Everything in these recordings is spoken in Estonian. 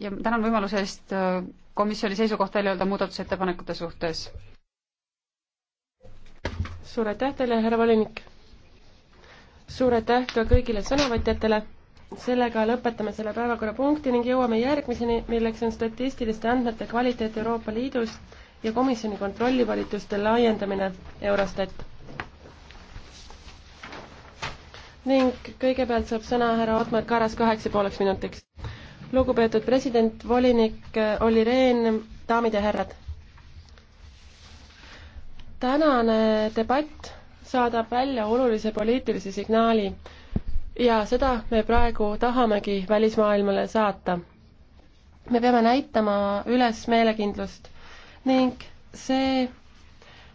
ja tänan võimaluse eest äh, komisjoni seisukoht välja öelda muudatusettepanekute suhtes. suur aitäh teile, härra volinik! suur aitäh ka kõigile sõnavõtjatele! sellega lõpetame selle päevakorrapunkti ning jõuame järgmiseni, milleks on statistiliste andmete kvaliteet Euroopa Liidus ja komisjoni kontrollivolituste laiendamine Eurostat. ning kõigepealt saab sõna härra Otmar Karas kaheksa pooleks minutiks lugupeetud president, volinik äh, Olli Rehn, daamid ja härrad. tänane debatt saadab välja olulise poliitilise signaali ja seda me praegu tahamegi välismaailmale saata. me peame näitama üles meelekindlust ning see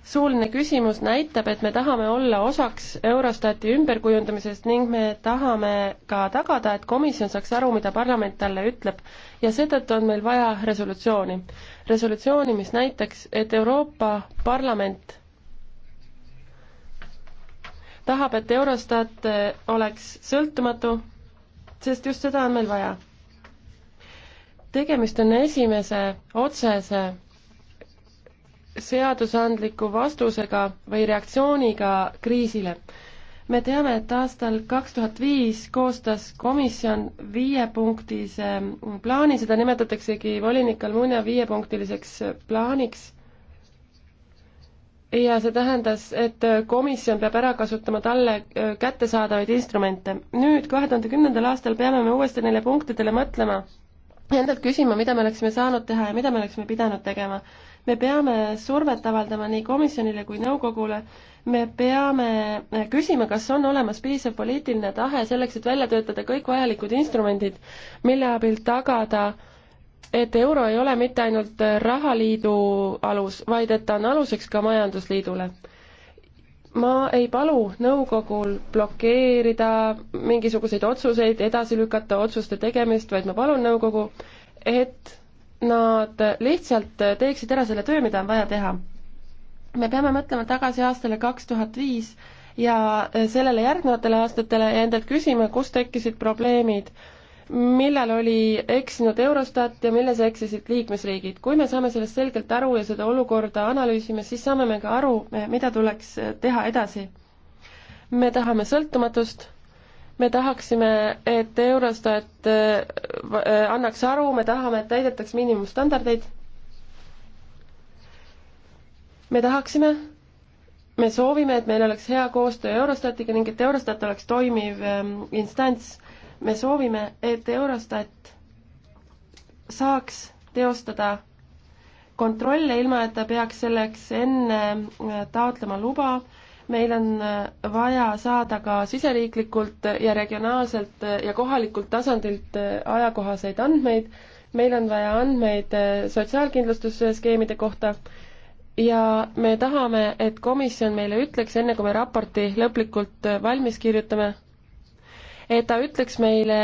suuline küsimus näitab, et me tahame olla osaks Eurostati ümberkujundamisest ning me tahame ka tagada, et komisjon saaks aru, mida parlament talle ütleb. ja seetõttu on meil vaja resolutsiooni. resolutsiooni, mis näitaks, et Euroopa Parlament tahab, et Eurostat eh, oleks sõltumatu, sest just seda on meil vaja. tegemist on esimese otsese seadusandliku vastusega või reaktsiooniga kriisile. me teame, et aastal kaks tuhat viis koostas komisjon viiepunktise plaani, seda nimetataksegi volinik Almunia viiepunktiliseks plaaniks ja see tähendas, et komisjon peab ära kasutama talle kättesaadavaid instrumente. nüüd, kahe tuhande kümnendal aastal peame me uuesti neile punktidele mõtlema ja endalt küsima, mida me oleksime saanud teha ja mida me oleksime pidanud tegema me peame survet avaldama nii komisjonile kui nõukogule, me peame eh, küsima, kas on olemas piisav poliitiline tahe selleks, et välja töötada kõik vajalikud instrumendid, mille abil tagada et euro ei ole mitte ainult eh, rahaliidu alus, vaid et ta on aluseks ka majandusliidule ma ei palu nõukogul blokeerida mingisuguseid otsuseid, edasi lükata otsuste tegemist, vaid ma palun nõukogu, et nad lihtsalt teeksid ära selle töö, mida on vaja teha. me peame mõtlema tagasi aastale kaks tuhat viis ja sellele järgnevatele aastatele ja endalt küsima, kus tekkisid probleemid, millal oli eksinud Eurostat ja milles eksisid liikmesriigid. kui me saame sellest selgelt aru ja seda olukorda analüüsime, siis saame me ka aru, mida tuleks teha edasi. me tahame sõltumatust me tahaksime, et Eurostat äh, äh, annaks aru, me tahame, et täidetaks miinimumstandardeid. me tahaksime, me soovime, et meil oleks hea koostöö Eurostatiga ning et Eurostat oleks toimiv ähm, instants. me soovime, et Eurostat saaks teostada kontrolle, ilma et ta peaks selleks enne äh, taotlema luba meil on äh, vaja saada ka siseriiklikult ja regionaalselt äh, ja kohalikult tasandilt äh, ajakohaseid andmeid, meil on vaja andmeid sotsiaalkindlustusskeemide kohta ja me tahame, et komisjon meile ütleks, enne kui me raporti lõplikult valmis kirjutame, et ta ütleks meile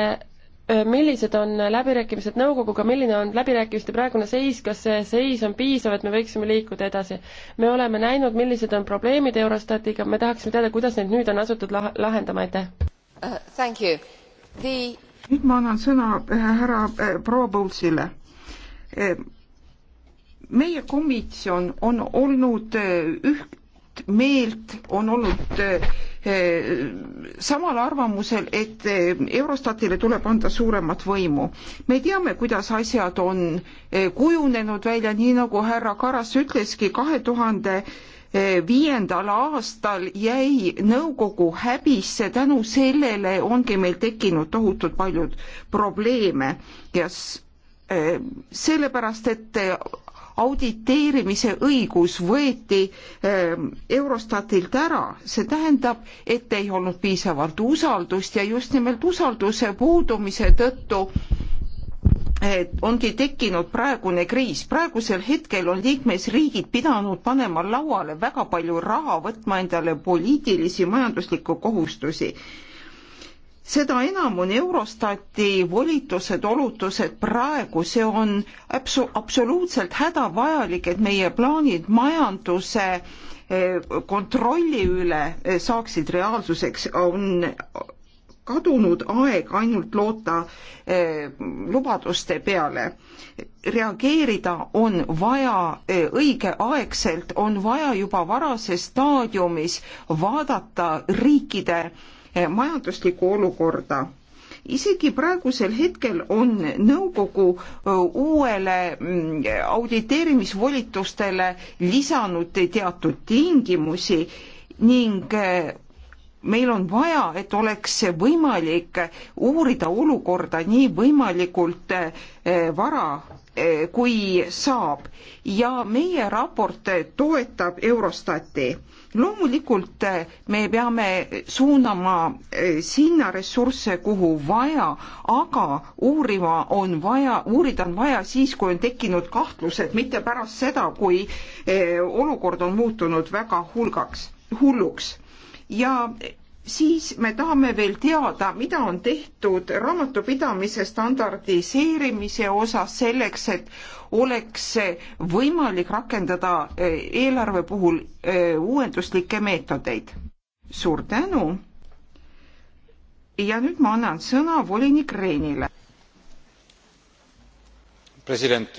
Äh, millised on läbirääkimised nõukoguga, milline on läbirääkimiste praegune seis, kas see seis on piisav, et me võiksime liikuda edasi? me oleme näinud, millised on probleemid Eurostatiga, me tahaksime teada, kuidas neid nüüd on asutud lah lahendama, aitäh uh,! Thank you! The nüüd ma annan sõna äh, härra äh, proua Põulsile äh,. meie komisjon on olnud äh, üht meelt, on olnud äh, Eh, samal arvamusel, et eh, Eurostatile tuleb anda suuremat võimu. me teame, kuidas asjad on eh, kujunenud välja, nii nagu härra Karas ütleski, kahe tuhande viiendal aastal jäi nõukogu häbisse, tänu sellele ongi meil tekkinud tohutult paljud probleeme ja sellepärast, et auditeerimise õigus võeti ehm, Eurostatilt ära, see tähendab, et ei olnud piisavalt usaldust ja just nimelt usalduse puudumise tõttu ongi tekkinud praegune kriis. praegusel hetkel on liikmesriigid pidanud panema lauale väga palju raha, võtma endale poliitilisi majanduslikku kohustusi seda enam on Eurostati volitused, olutused praegu, see on abso-, absoluutselt hädavajalik, et meie plaanid majanduse eh, kontrolli üle eh, saaksid reaalsuseks, on kadunud aeg ainult loota eh, lubaduste peale. reageerida on vaja eh, õigeaegselt, on vaja juba varases staadiumis vaadata riikide eh, Eh, majanduslikku olukorda isegi praegusel hetkel on nõukogu eh, uuele mm, auditeerimisvolitustele lisanud teatud tingimusi ning eh, meil on vaja, et oleks võimalik uurida olukorda nii võimalikult vara Eh, kui saab ja meie raport toetab Eurostati. loomulikult eh, me peame suunama eh, sinna ressursse, kuhu vaja, aga uurima on vaja, uurida on vaja siis, kui on tekkinud kahtlused, mitte pärast seda, kui olukord on muutunud väga hulgaks, hulluks ja siis me tahame veel teada, mida on tehtud raamatupidamise standardiseerimise osas selleks, et oleks võimalik rakendada eh, eelarve puhul eh, uuenduslikke meetodeid. suur tänu. ja nüüd ma annan sõna volinik Reinile. president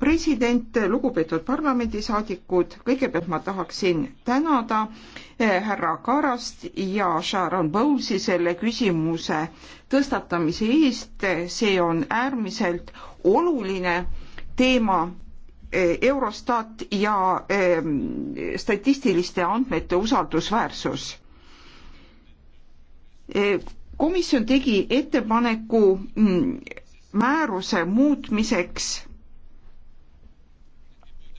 president, lugupeetud parlamendisaadikud, kõigepealt ma tahaksin tänada eh, härra Karast ja Sharon Bowles'i selle küsimuse tõstatamise eest, see on äärmiselt oluline teema eh, Eurostat ja eh, statistiliste andmete usaldusväärsus komisjon tegi ettepaneku mm, määruse muutmiseks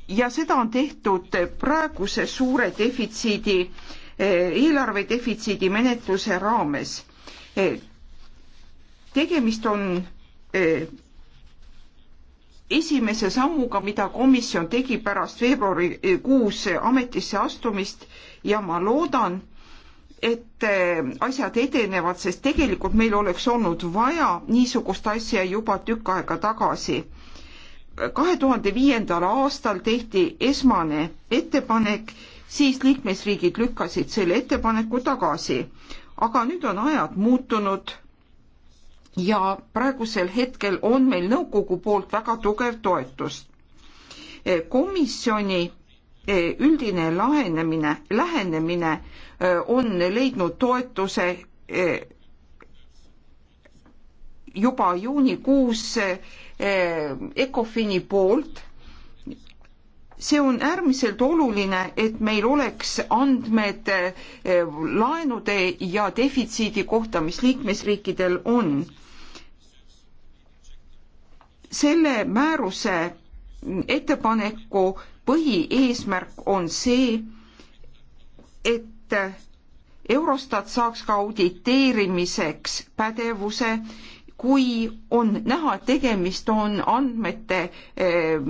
ja seda on tehtud praeguse suure defitsiidi, eh, eelarve defitsiidi menetluse raames. Eh, tegemist on eh, esimese sammuga, mida komisjon tegi pärast veebruarikuus ametisse astumist ja ma loodan, et äh, asjad edenevad, sest tegelikult meil oleks olnud vaja niisugust asja juba tükk aega tagasi. kahe tuhande viiendal aastal tehti esmane ettepanek, siis liikmesriigid lükkasid selle ettepaneku tagasi. aga nüüd on ajad muutunud ja praegusel hetkel on meil nõukogu poolt väga tugev toetus. Äh, komisjoni üldine lahenemine, lähenemine on leidnud toetuse juba juunikuus ECOFIN-i poolt. see on äärmiselt oluline, et meil oleks andmed laenude ja defitsiidi kohta, mis liikmesriikidel on. selle määruse ettepaneku põhieesmärk on see, et Eurostat saaks ka auditeerimiseks pädevuse, kui on näha, et tegemist on andmete eh,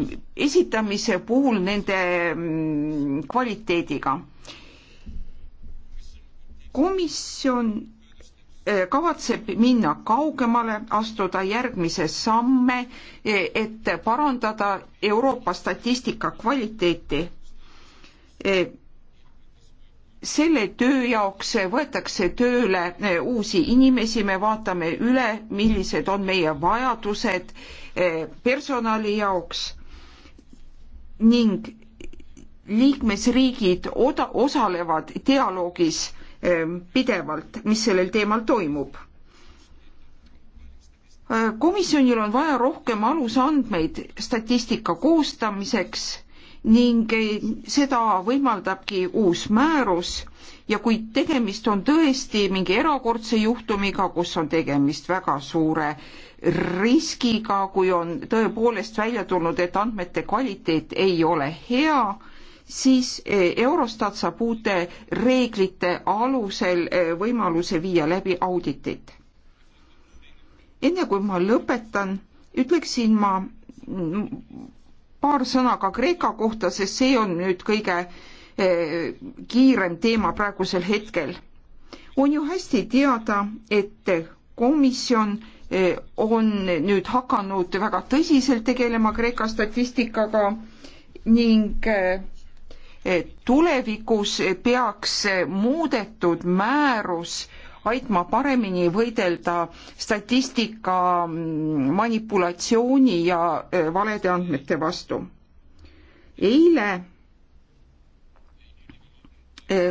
esitamise puhul nende mm, kvaliteediga. komisjon Äh, kavatseb minna kaugemale, astuda järgmise samme, äh, et parandada Euroopa statistika kvaliteeti. Äh, selle töö jaoks võetakse tööle uusi inimesi, me vaatame üle, millised on meie vajadused personali jaoks ning liikmesriigid oda-, osalevad dialoogis Ehm, pidevalt, mis sellel teemal toimub. Ehm, komisjonil on vaja rohkem alusandmeid statistika koostamiseks ning eh, seda võimaldabki uus määrus ja kui tegemist on tõesti mingi erakordse juhtumiga, kus on tegemist väga suure riskiga, kui on tõepoolest välja tulnud, et andmete kvaliteet ei ole hea, siis eh, Eurostat saab uute reeglite alusel eh, võimaluse viia läbi auditit. enne kui ma lõpetan, ütleksin ma mm, paar sõna ka Kreeka kohta, sest see on nüüd kõige eh, kiirem teema praegusel hetkel. on ju hästi teada, et komisjon on nüüd hakanud väga tõsiselt tegelema Kreeka statistikaga ning tulevikus peaks muudetud määrus aitma paremini võidelda statistika manipulatsiooni ja e, valede andmete vastu. eile e,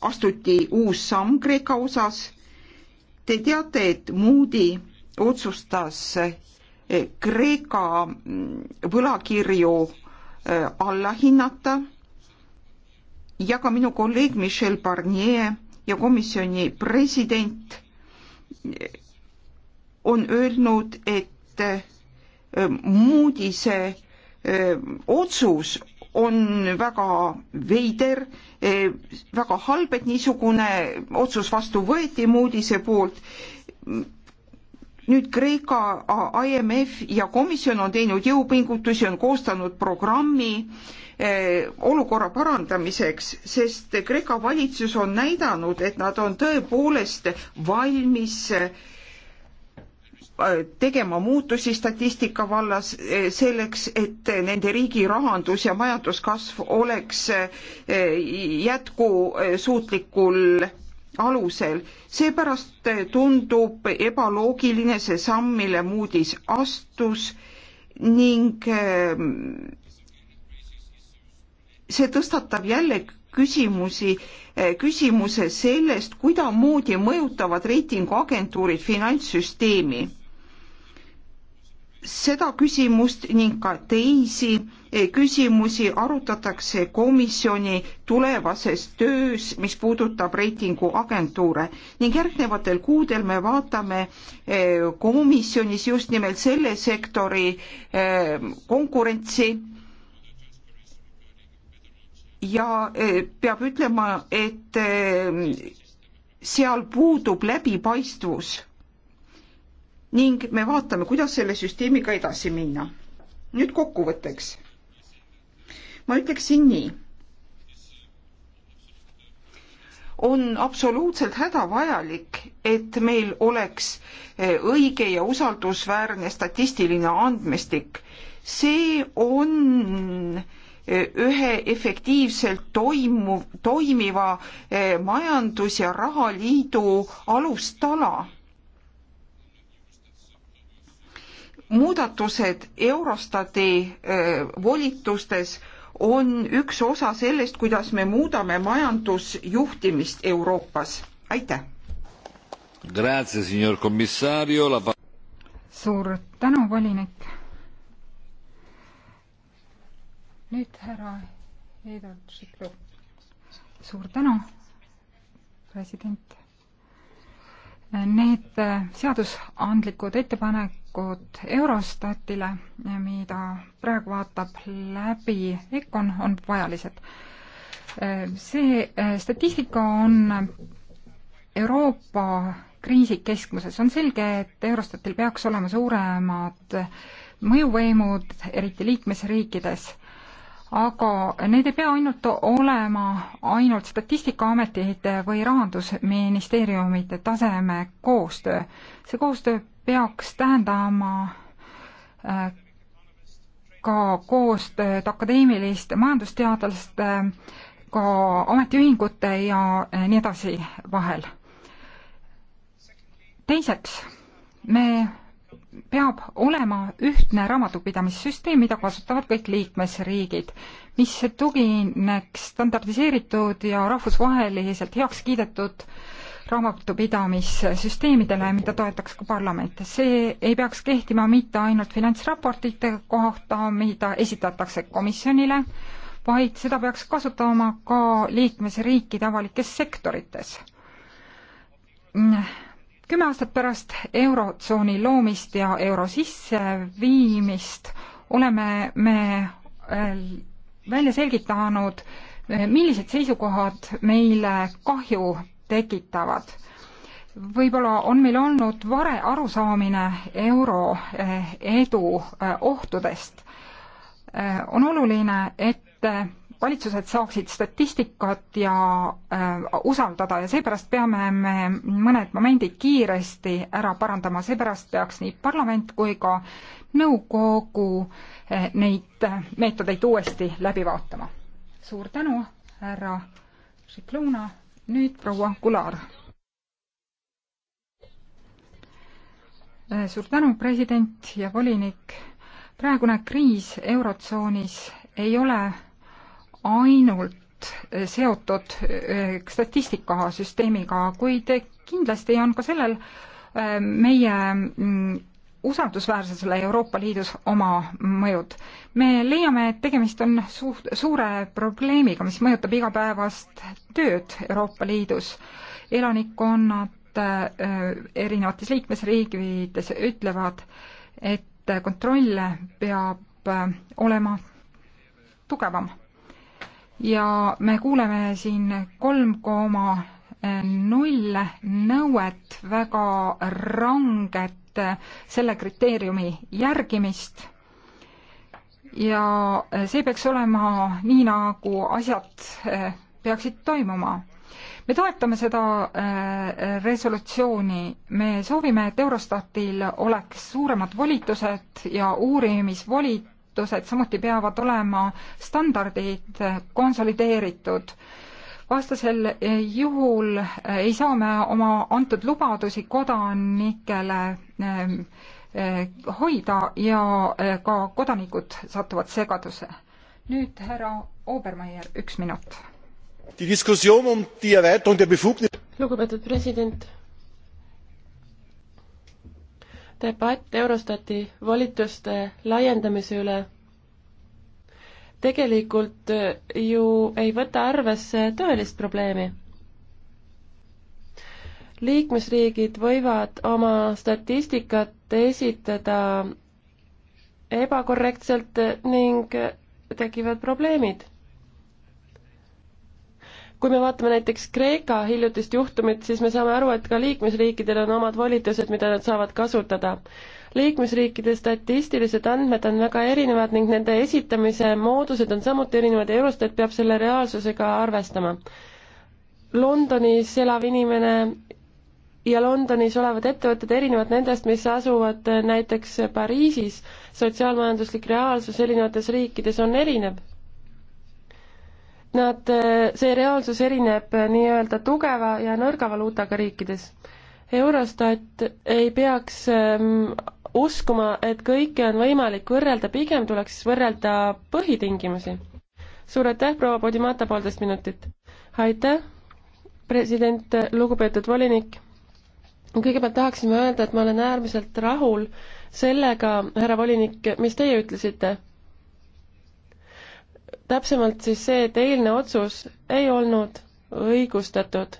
astuti uus samm Kreeka osas. Te teate, et Moody otsustas e, Kreeka võlakirju alla hinnata ja ka minu kolleeg Michel Barnier ja komisjoni president on öelnud, et äh, Moodise äh, otsus on väga veider, äh, väga halb, et niisugune otsus vastu võeti Moodise poolt. nüüd Kreeka IMF ja komisjon on teinud jõupingutusi, on koostanud programmi äh, Eh, olukorra parandamiseks, sest Kreeka valitsus on näidanud, et nad on tõepoolest valmis eh, tegema muutusi statistika vallas eh, selleks, et nende riigi rahandus ja majanduskasv oleks jätkusuutlikul alusel. seepärast tundub ebaloogiline see samm, mille Moody's astus ning see tõstatab jälle küsimusi, eh, küsimuse sellest, kuidamoodi mõjutavad reitinguagentuurid finantssüsteemi. seda küsimust ning ka teisi eh, küsimusi arutatakse komisjoni tulevases töös, mis puudutab reitinguagentuure ning järgnevatel kuudel me vaatame eh, komisjonis just nimelt selle sektori konkurentsi ja e, peab ütlema, et e, seal puudub läbipaistvus ning me vaatame, kuidas selle süsteemiga edasi minna. nüüd kokkuvõtteks. ma ütleksin nii. on absoluutselt hädavajalik, et meil oleks e, õige ja usaldusväärne statistiline andmestik. see on äh, ühe efektiivselt toimuv, toimiva eh, majandus- ja rahaliidu alustala. muudatused Eurostati eh, volitustes on üks osa sellest, kuidas me muudame majandusjuhtimist Euroopas. aitäh! suur tänu, volinik! nüüd härra Heidar Tšiklu. suur tänu, president. Need seadusandlikud ettepanekud Eurostatile, mida praegu vaatab läbi EKOn, on vajalised. see statistika on Euroopa kriisi keskmuses. on selge, et Eurostatil peaks olema suuremad mõjuvõimud, eriti liikmesriikides aga need ei pea ainult olema ainult Statistikaametite või Rahandusministeeriumite taseme koostöö. see koostöö peaks tähendama äh, ka koostööd akadeemiliste majandusteadlaste, äh, ka ametiühingute ja äh, nii edasi vahel. teiseks, me peab olema ühtne raamatupidamissüsteem, mida kasutavad kõik liikmesriigid, mis tugineks standardiseeritud ja rahvusvaheliselt heaks kiidetud raamatupidamissüsteemidele, mida toetaks ka parlament. see ei peaks kehtima mitte ainult finantsraportite kohta, mida esitatakse komisjonile, vaid seda peaks kasutama ka liikmesriikide avalikes sektorites kümme aastat pärast Eurotsooni loomist ja euro sisseviimist oleme me äh, välja selgitanud, äh, millised seisukohad meile kahju tekitavad. võib-olla on meil olnud vare arusaamine euro äh, edu ohtudest. on oluline, et valitsused saaksid statistikat ja äh, usaldada ja seepärast peame me mõned momendid kiiresti ära parandama, seepärast peaks nii parlament kui ka nõukogu äh, neid äh, meetodeid uuesti läbi vaatama. suur tänu, härra Šikluna, nüüd proua Kular. Äh, suur tänu, president ja volinik. praegune kriis Eurotsoonis ei ole ainult seotud eh, statistikasüsteemiga, kuid kindlasti on ka sellel eh, meie mm, usaldusväärsusele Euroopa Liidus oma mõjud. me leiame, et tegemist on suht-, suure probleemiga, mis mõjutab igapäevast tööd Euroopa Liidus. elanikkonnad äh, erinevates liikmesriikides ütlevad, et kontroll peab äh, olema tugevam ja me kuuleme siin kolm koma null nõuet, väga ranget selle kriteeriumi järgimist ja see peaks olema nii, nagu asjad eh, peaksid toimuma. me toetame seda eh, resolutsiooni, me soovime, et Eurostatil oleks suuremad volitused ja uurimisvolid, kulutused samuti peavad olema standardid konsolideeritud. vastasel juhul ei saa me oma antud lubadusi kodanikele ehm, ehm, hoida ja eh, ka kodanikud satuvad segadusse. nüüd härra Obermeier, üks minut. Um lugupeetud president debatt Eurostati volituste laiendamise üle tegelikult äh, ju ei võta arvesse tõelist probleemi. liikmesriigid võivad oma statistikat esitada ebakorrektselt ning tekivad probleemid kui me vaatame näiteks Kreeka hiljutist juhtumit, siis me saame aru, et ka liikmesriikidel on omad volitused, mida nad saavad kasutada. liikmesriikide statistilised andmed on väga erinevad ning nende esitamise moodused on samuti erinevad ja Eurostat peab selle reaalsusega arvestama. Londonis elav inimene ja Londonis olevad ettevõtted erinevad nendest, mis asuvad näiteks Pariisis, sotsiaalmajanduslik reaalsus erinevates riikides on erinev Nad, eh, see reaalsus erineb eh, nii-öelda tugeva ja nõrga valuutaga riikides. Eurostat ei peaks ehm, uskuma, et kõike on võimalik võrrelda, pigem tuleks võrrelda põhitingimusi. suur aitäh, proua Podimata, poolteist minutit. aitäh, president, lugupeetud volinik. kõigepealt tahaksime öelda, et ma olen äärmiselt rahul sellega, härra volinik, mis teie ütlesite täpsemalt siis see, et eilne otsus ei olnud õigustatud.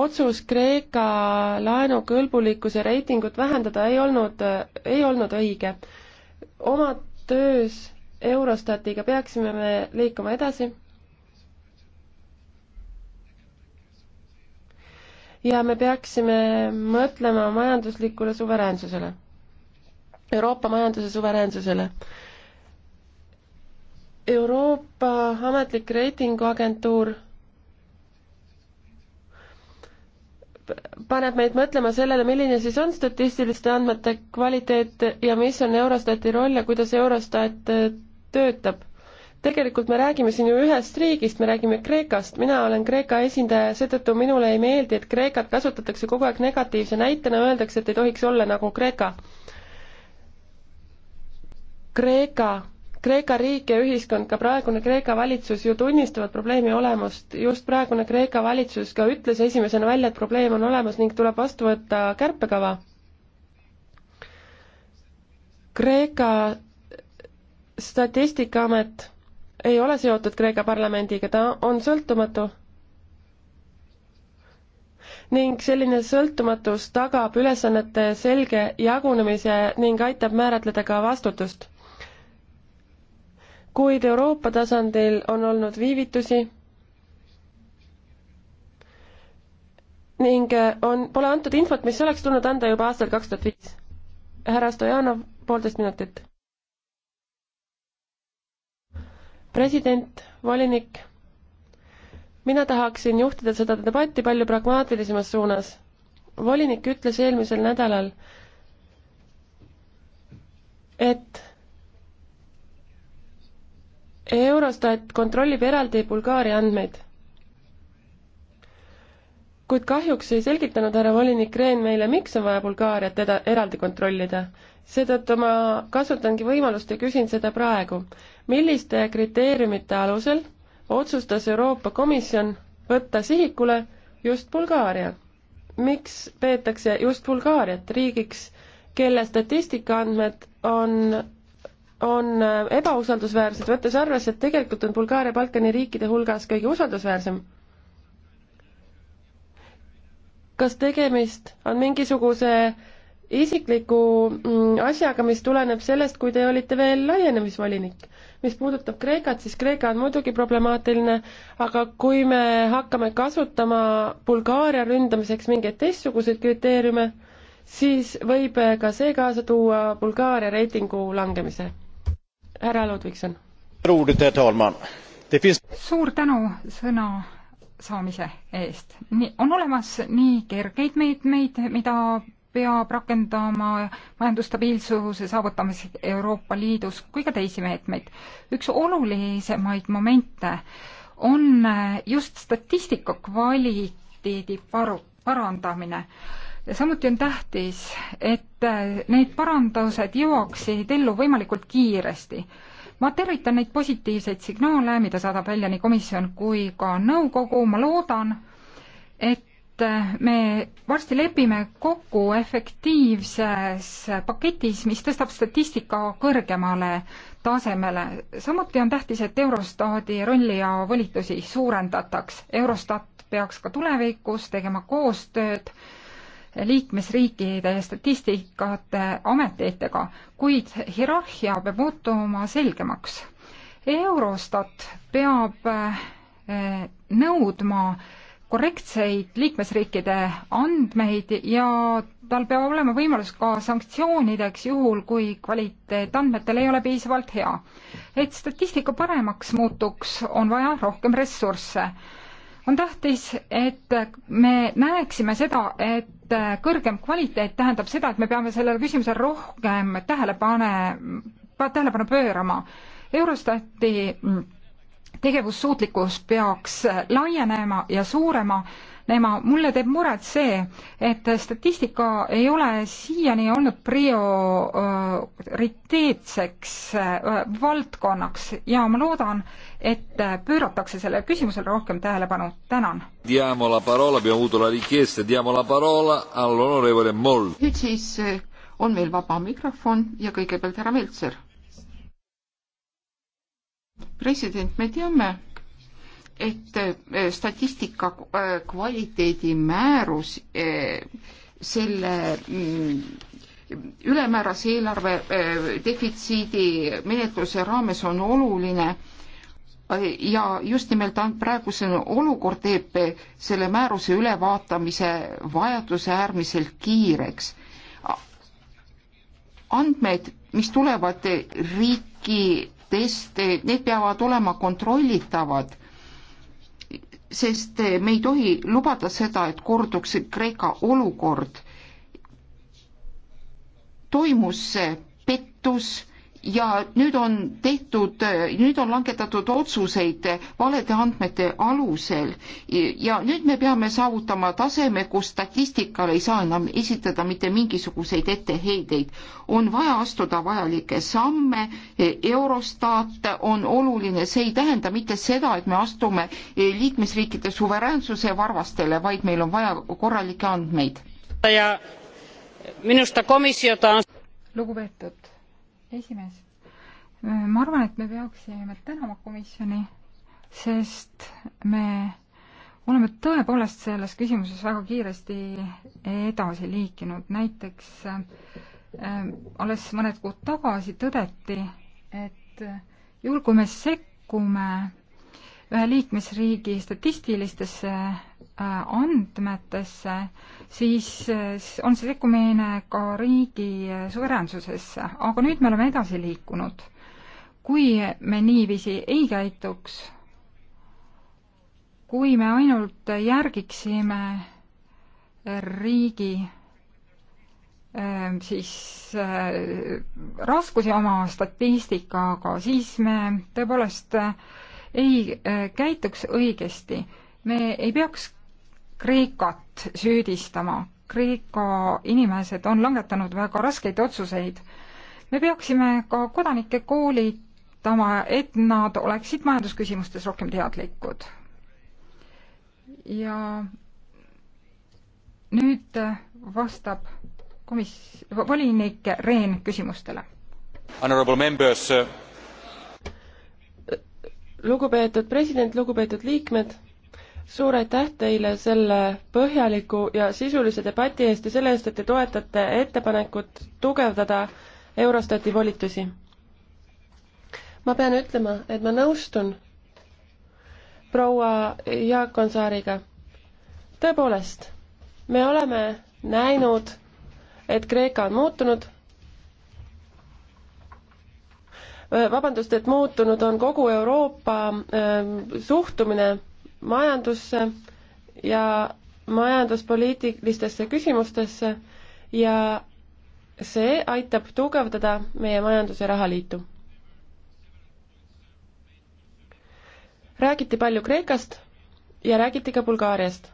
otsus Kreeka laenukõlbulikkuse reitingut vähendada ei olnud, ei olnud õige. oma töös Eurostatiga peaksime me liikuma edasi ja me peaksime mõtlema majanduslikule suveräänsusele Euroopa majanduse suveräänsusele. Euroopa ametlik reitinguagentuur paneb meid mõtlema sellele, milline siis on statistiliste andmete kvaliteet ja mis on Eurostati roll ja kuidas Eurostat äh, töötab. tegelikult me räägime siin ju ühest riigist, me räägime Kreekast, mina olen Kreeka esindaja ja seetõttu minule ei meeldi, et Kreekat kasutatakse kogu aeg negatiivse näitena, öeldakse, et ei tohiks olla nagu Kreeka. Kreeka, Kreeka riik ja ühiskond, ka praegune Kreeka valitsus ju tunnistavad probleemi olemust. just praegune Kreeka valitsus ka ütles esimesena välja, et probleem on olemas ning tuleb vastu võtta kärpekava. Kreeka statistikaamet ei ole seotud Kreeka parlamendiga, ta on sõltumatu ning selline sõltumatus tagab ülesannete selge jagunemise ning aitab määratleda ka vastutust kuid Euroopa tasandil on olnud viivitusi ning eh, on, pole antud infot, mis oleks tulnud anda juba aastal kaks tuhat viis. härra Stojanov, poolteist minutit. president, volinik, mina tahaksin juhtida seda debatti palju pragmaatilisemas suunas. volinik ütles eelmisel nädalal, et Eurostat kontrollib eraldi Bulgaaria andmeid. kuid kahjuks ei selgitanud härra volinik Rehn meile, miks on vaja Bulgaariat eda-, eraldi kontrollida. seetõttu ma kasutangi võimalust ja küsin seda praegu. milliste kriteeriumite alusel otsustas Euroopa Komisjon võtta sihikule just Bulgaaria? miks peetakse just Bulgaariat riigiks, kelle statistikaandmed on on äh, ebausaldusväärsed, võttes arvesse, et tegelikult on Bulgaaria Balkani riikide hulgas kõige usaldusväärsem. kas tegemist on mingisuguse isikliku mm, asjaga, mis tuleneb sellest, kui te olite veel laienemisvolinik? mis puudutab Kreekat, siis Kreeka on muidugi problemaatiline, aga kui me hakkame kasutama Bulgaaria ründamiseks mingeid teistsuguseid kriteeriume, siis võib äh, ka see kaasa tuua Bulgaaria reitingu langemise härra Ludvigson. suur tänu sõna saamise eest. nii, on olemas nii kergeid meetmeid, mida peab rakendama majandusstabiilsuse saavutamiseks Euroopa Liidus, kui ka teisi meetmeid. üks olulisemaid momente on just statistika kvaliteedi paru-, parandamine samuti on tähtis, et äh, need parandused jõuaksid ellu võimalikult kiiresti. ma tervitan neid positiivseid signaale, mida saadab välja nii komisjon kui ka nõukogu, ma loodan, et äh, me varsti lepime kokku efektiivses paketis, mis tõstab statistika kõrgemale tasemele. samuti on tähtis, et Eurostaadi rolli ja volitusi suurendataks. Eurostat peaks ka tulevikus tegema koostööd äh, liikmesriikide statistikate ametitega, kuid hierarhia peab muutuma selgemaks. Eurostat peab eh, nõudma korrektseid liikmesriikide andmeid ja tal peab olema võimalus ka sanktsioonideks juhul, kui kvaliteet andmetel ei ole piisavalt hea. et statistika paremaks muutuks, on vaja rohkem ressursse on tähtis, et me näeksime seda, et kõrgem kvaliteet tähendab seda, et me peame sellele küsimusele rohkem tähelepane, tähelepanu pöörama. Eurostati tegevussuutlikkus peaks laienema ja suurema Nema, mulle teeb muret see, et statistika ei ole siiani olnud prioriteetseks äh, äh, valdkonnaks ja ma loodan, et pööratakse sellele küsimusele rohkem tähelepanu, tänan. nüüd siis äh, on meil vaba mikrofon ja kõigepealt härra Meltser president, me teame, et eh, statistika eh, kvaliteedimäärus eh, selle mm, ülemäärase eelarve defitsiidi menetluse raames on oluline ja just nimelt praegusene olukord teeb selle määruse ülevaatamise vajaduse äärmiselt kiireks. andmed, mis tulevad riiki teste, need peavad olema kontrollitavad, sest me ei tohi lubada seda, et korduks Kreeka olukord. toimus pettus ja nüüd on tehtud, nüüd on langetatud otsuseid valede andmete alusel ja nüüd me peame saavutama taseme, kus statistikale ei saa enam esitada mitte mingisuguseid etteheideid. on vaja astuda vajalikke samme, Eurostat on oluline, see ei tähenda mitte seda, et me astume liikmesriikide suveräänsuse varvastele, vaid meil on vaja korralikke andmeid. ja minusta komisjon on lugupeetud esimees, ma arvan, et me peaksime tänama komisjoni, sest me oleme tõepoolest selles küsimuses väga kiiresti edasi liikinud, näiteks äh, alles mõned kuud tagasi tõdeti, et juhul, kui me sekkume ühe liikmesriigi statistilistesse Äh, andmetesse, siis äh, on see sekkumine ka riigi äh, suveräänsusesse, aga nüüd me oleme edasi liikunud. kui me niiviisi ei käituks, kui me ainult järgiksime riigi siis raskusi oma statistikaga, siis me tõepoolest ei käituks õigesti. me ei peaks Kreekat süüdistama. Kreeka inimesed on langetanud väga raskeid otsuseid. me peaksime ka kodanikke koolitama, et nad oleksid majandusküsimustes rohkem teadlikud. ja nüüd vastab komis-, volinik Rehn küsimustele. Honorable members. lugupeetud president, lugupeetud liikmed suur aitäh teile selle põhjaliku ja sisulise debati eest ja selle eest, et te toetate ettepanekut tugevdada Eurostati volitusi. ma pean ütlema, et ma nõustun proua Jaakonsaariga. tõepoolest, me oleme näinud, et Kreeka on muutunud, vabandust, et muutunud on kogu Euroopa äh, suhtumine majandusse ja majanduspoliitilistesse küsimustesse ja see aitab tugevdada meie majandus- ja rahaliitu. räägiti palju Kreekast ja räägiti ka Bulgaariast.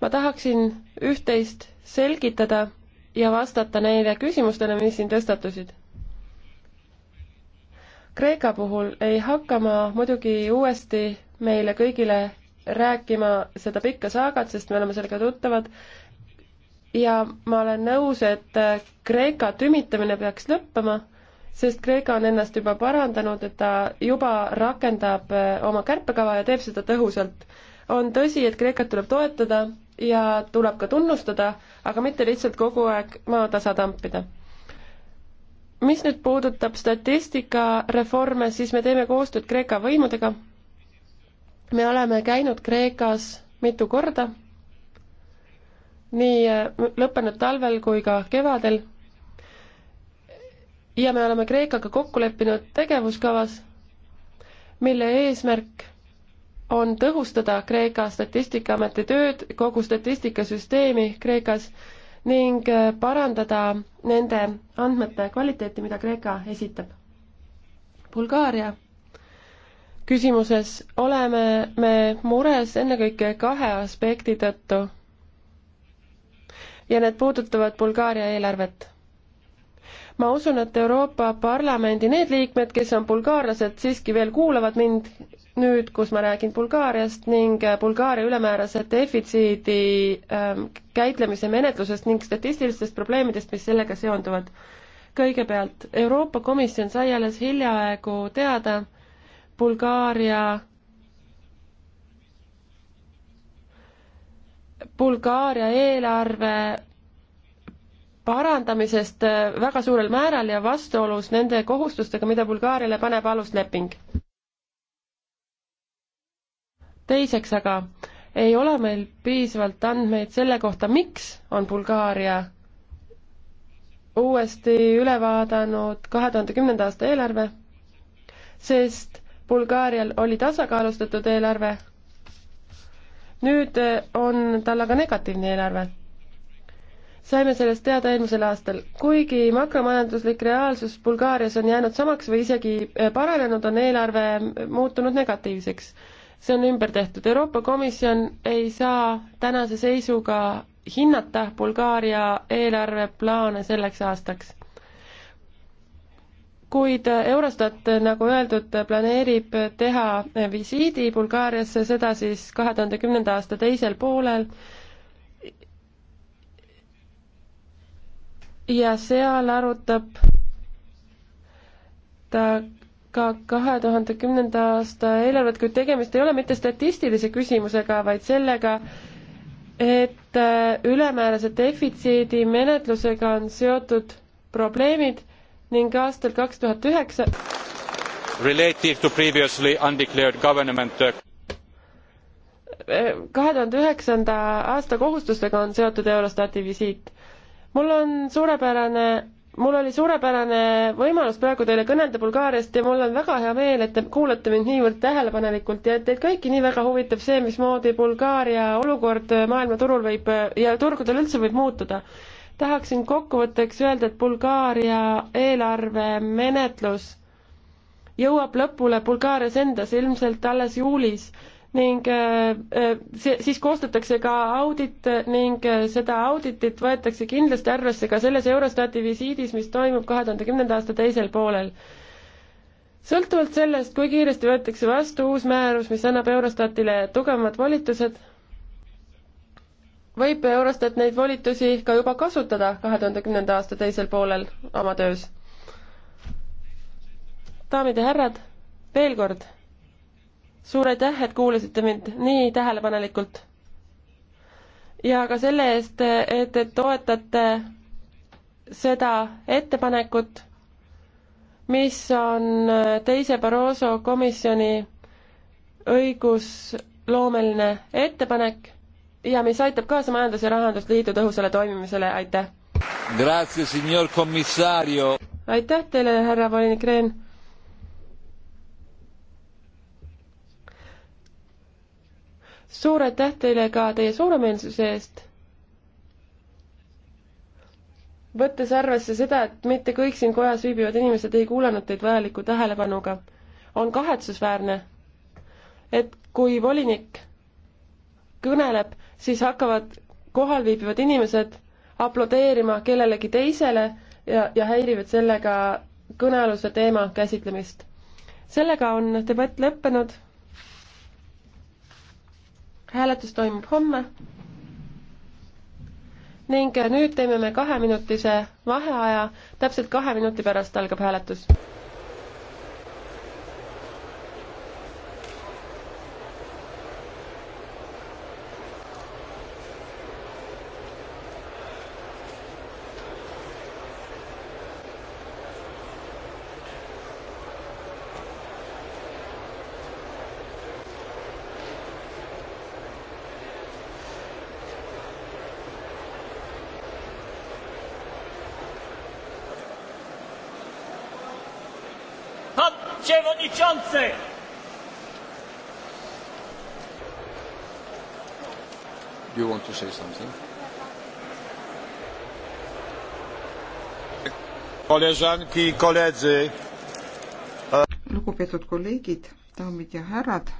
ma tahaksin üht-teist selgitada ja vastata neile küsimustele, mis siin tõstatusid Kreeka puhul ei hakka ma muidugi uuesti meile kõigile rääkima seda pikka saagat, sest me oleme sellega tuttavad, ja ma olen nõus, et Kreeka tümitamine peaks lõppema, sest Kreeka on ennast juba parandanud, et ta juba rakendab äh, oma kärpekava ja teeb seda tõhusalt. on tõsi, et Kreekat tuleb toetada ja tuleb ka tunnustada, aga mitte lihtsalt kogu aeg maatasa tampida mis nüüd puudutab statistikareforme, siis me teeme koostööd Kreeka võimudega. me oleme käinud Kreekas mitu korda, nii äh, lõppenud talvel kui ka kevadel. ja me oleme Kreekaga kokku leppinud tegevuskavas, mille eesmärk on tõhustada Kreeka statistikaameti tööd, kogu statistikasüsteemi Kreekas ning äh, parandada nende andmete kvaliteeti, mida Kreeka esitab. Bulgaaria küsimuses oleme me mures ennekõike kahe aspekti tõttu ja need puudutavad Bulgaaria eelarvet ma usun, et Euroopa Parlamendi need liikmed, kes on bulgaarlased, siiski veel kuulavad mind nüüd, kus ma räägin Bulgaariast ning äh, Bulgaaria ülemäärase defitsiidi ähm, käitlemise menetlusest ning statistilistest probleemidest, mis sellega seonduvad. kõigepealt, Euroopa Komisjon sai alles hiljaaegu teada Bulgaaria, Bulgaaria eelarve parandamisest äh, väga suurel määral ja vastuolus nende kohustustega, mida Bulgaariale paneb alusleping teiseks aga ei ole meil piisavalt andmeid selle kohta, miks on Bulgaaria uuesti üle vaadanud kahe tuhande kümnenda aasta eelarve, sest Bulgaarial oli tasakaalustatud eelarve, nüüd on tal aga negatiivne eelarve. saime sellest teada eelmisel aastal, kuigi makromajanduslik reaalsus Bulgaarias on jäänud samaks või isegi paranenud, on eelarve muutunud negatiivseks see on ümber tehtud. Euroopa Komisjon ei saa tänase seisuga hinnata Bulgaaria eelarveplaane selleks aastaks. kuid Eurostat, nagu öeldud, planeerib teha visiidi Bulgaariasse, seda siis kahe tuhande kümnenda aasta teisel poolel ja seal arutab ta ka kahe tuhande kümnenda aasta eelarvet, kuid tegemist ei ole mitte statistilise küsimusega, vaid sellega, et äh, ülemäärase defitsiidi menetlusega on seotud probleemid ning aastal kaks tuhat üheksa relative to previously undeclared government uh, äh, kahe tuhande üheksanda aasta kohustustega on seotud Eurostati visiit. mul on suurepärane mul oli suurepärane võimalus praegu teile kõnelda Bulgaariast ja mul on väga hea meel, et te kuulate mind niivõrd tähelepanelikult ja et teid kõiki nii väga huvitab see, mismoodi Bulgaaria olukord maailmaturul võib ja turgudel üldse võib muutuda. tahaksin kokkuvõtteks öelda, et Bulgaaria eelarvemenetlus jõuab lõpule Bulgaarias endas ilmselt alles juulis ning äh, äh, siis koostatakse ka audit ning äh, seda auditit võetakse kindlasti arvesse ka selles Eurostati visiidis, mis toimub kahe tuhande kümnenda aasta teisel poolel sõltuvalt sellest, kui kiiresti võetakse vastu uus määrus, mis annab Eurostatile tugevamad volitused, võib Eurostat neid volitusi ka juba kasutada kahe tuhande kümnenda aasta teisel poolel oma töös. daamid ja härrad, veel kord suur aitäh, et kuulasite mind nii tähelepanelikult. ja ka selle eest, et te toetate seda ettepanekut, mis on teise Barroso komisjoni õigusloomeline ettepanek ja mis aitab kaasa Majandus- ja Rahandusliidu tõhusale toimimisele, aitäh! aitäh teile, härra volinik Rehn! suur aitäh teile ka teie suuremeelsuse eest. võttes arvesse seda, et mitte kõik siin kojas viibivad inimesed ei kuulanud teid vajaliku tähelepanuga, on kahetsusväärne, et kui volinik kõneleb, siis hakkavad kohal viibivad inimesed aplodeerima kellelegi teisele ja, ja häirivad sellega kõnealuse teema käsitlemist. sellega on debatt lõppenud hääletus toimub homme. ning nüüd teeme me kaheminutise vaheaja, täpselt kahe minuti pärast algab hääletus. przewodniczący! Do you want to say something? Koleżanki i koledzy. Lugupeetud kolleegid, daamid ja härrad.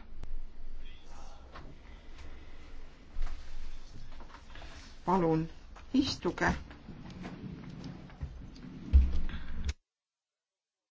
Palun istuge.